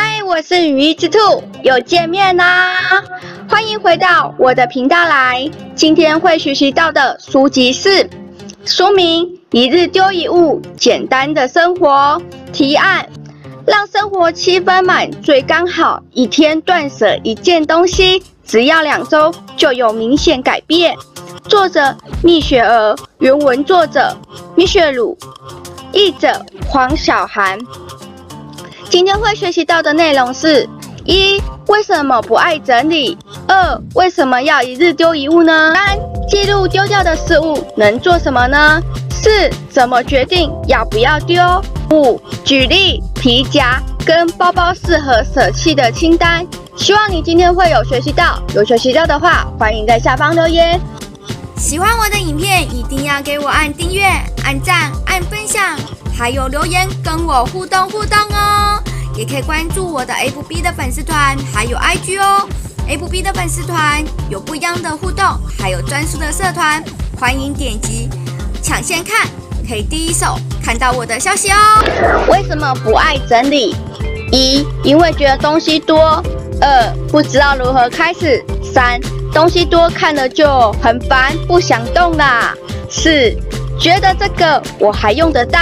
嗨，我是羽翼之兔，又見面啦！歡迎回到我的頻道來。今天會學習到的書籍是《書名：一日丟一物，簡單的生活》。提案：讓生活七分滿最剛好，一天斷捨一件東西，只要兩周就有明顯改變。作者：蜜雪兒，原文作者：蜜雪茹，譯者：黃曉涵。今天會學習到的內容是：一、為什麼不愛整理？二、為什麼要一日丟一物呢？三、記錄丟掉的事物能做什麼呢？四、怎麼決定要不要丟？五、舉例皮夾跟包包適合舍棄的清單。希望你今天會有學習到，有學習到的話，歡迎在下方留言。喜歡我的影片，一定要給我按訂閱、按讚、按分享，還有留言跟我互動互動哦。也可以關注我的 FB 的粉絲團，還有 IG 哦。FB 的粉絲團有不一樣的互動，還有專屬的社團，歡迎點擊搶先看，可以第一手看到我的消息哦。為什麼不愛整理？一，因為覺得東西多；二，不知道如何開始；三，東西多看了就很煩，不想動啦；四，覺得這個我還用得到。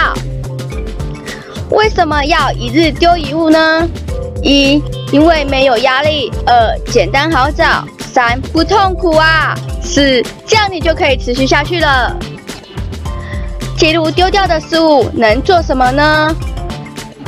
為什麼要一日丟一物呢？一，因為沒有壓力；二，簡單好找；三，不痛苦啊；四，這樣你就可以持續下去了。假如丟掉的事物能做什麼呢？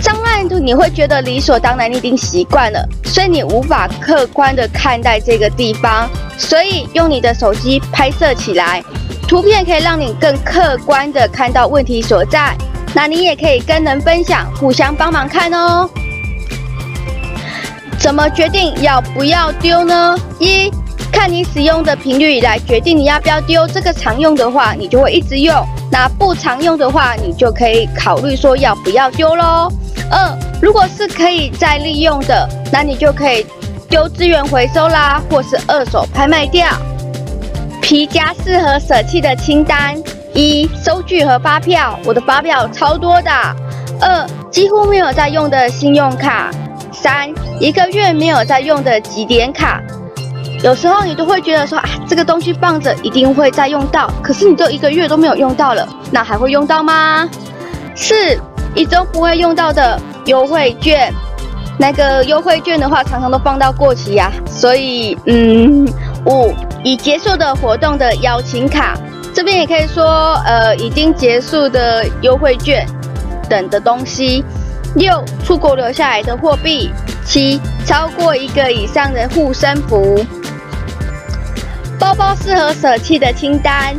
障礙你會覺得理所當然，你已經習慣了，所以你無法客觀的看待這個地方。所以用你的手機拍攝起來，圖片可以讓你更客觀的看到問題所在。那你也可以跟人分享，互相幫忙看哦。怎麼決定要不要丟呢？一，看你使用的頻率來決定你要不要丟。這個常用的話，你就會一直用；那不常用的話，你就可以考慮說要不要丟嘍。二，如果是可以再利用的，那你就可以丟資源回收啦，或是二手拍賣掉。皮夾適合捨棄的清單。一收據和發票，我的發票超多的。二，幾乎沒有在用的信用卡。三一個月沒有在用的集點卡，有時候你都會覺得說啊，這個東西放着一定會再用到，可是你都一個月都沒有用到了，那還會用到嗎？四一周不會用到的優惠券，那個優惠券的話常常都放到過期呀，啊，所以嗯。五，已結束的活動的邀請卡。這邊也可以說，呃，已經結束的優惠券等的東西；六，出國留下來的貨幣；七，超過一個以上的護身符。包包適合捨棄的清單：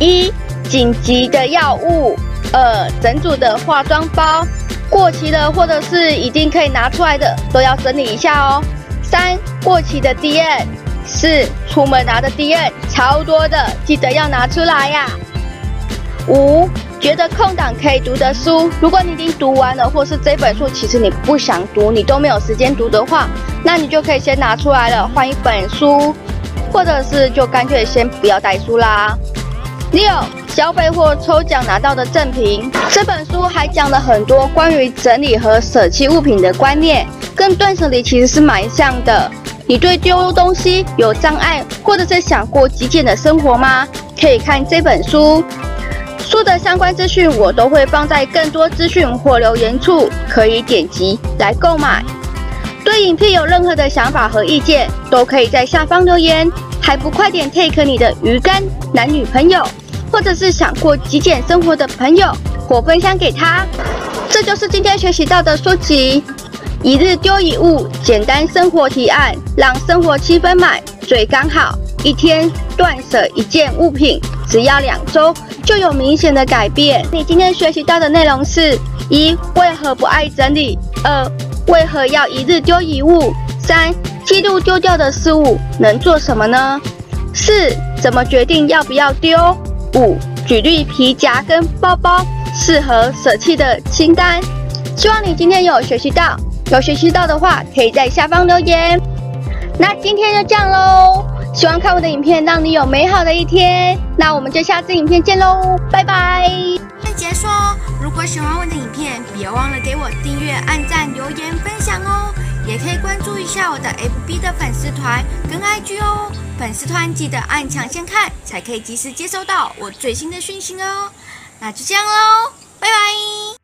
一，緊急的藥物；二，整組的化妝包，過期的或者是已經可以拿出來的，都要整理一下哦。三，過期的 D N。四，出門拿的 DM，超多的，記得要拿出來呀、啊。五，覺得空檔可以讀的書，如果你已經讀完了，或是這本書其實你不想讀，你都沒有時間讀的話，那你就可以先拿出來了，換一本書，或者是就乾脆先不要帶書啦。六，消費或抽獎拿到的贈品。這本書還講了很多關於整理和舍棄物品的觀念，跟斷舍離其實是蠻像的。你對丟東西有障礙，或者是想過極簡的生活嗎？可以看這本書。書的相關資訊我都會放在更多資訊或留言處，可以點擊來購買。對影片有任何的想法和意見，都可以在下方留言。還不快點 take 你的魚竿、男女朋友，或者是想過極簡生活的朋友，我分享給他。這就是今天學習到的書籍。一日丟一物，簡單生活提案，讓生活七分滿，最剛好。一天斷舍一件物品，只要兩周就有明顯的改變。你今天學習到的內容是：一、為何不愛整理；二、為何要一日丟一物；三、記錄丟掉的事物能做什麼呢？四、怎麼決定要不要丟？五、舉例皮夾跟包包適合舍棄的清單。希望你今天有學習到。有學習到的話，可以在下方留言。那今天就這樣嘍，喜歡看我的影片，讓你有美好的一天。那我們就下次影片見嘍，拜拜。影片結束哦！如果喜歡我的影片，別忘了給我訂閱、按讚、留言、分享哦。也可以關注一下我的 FB 的粉絲團跟 IG 哦。粉絲團記得按搶先看，才可以及時接收到我最新的訊息哦。那就這樣嘍，拜拜。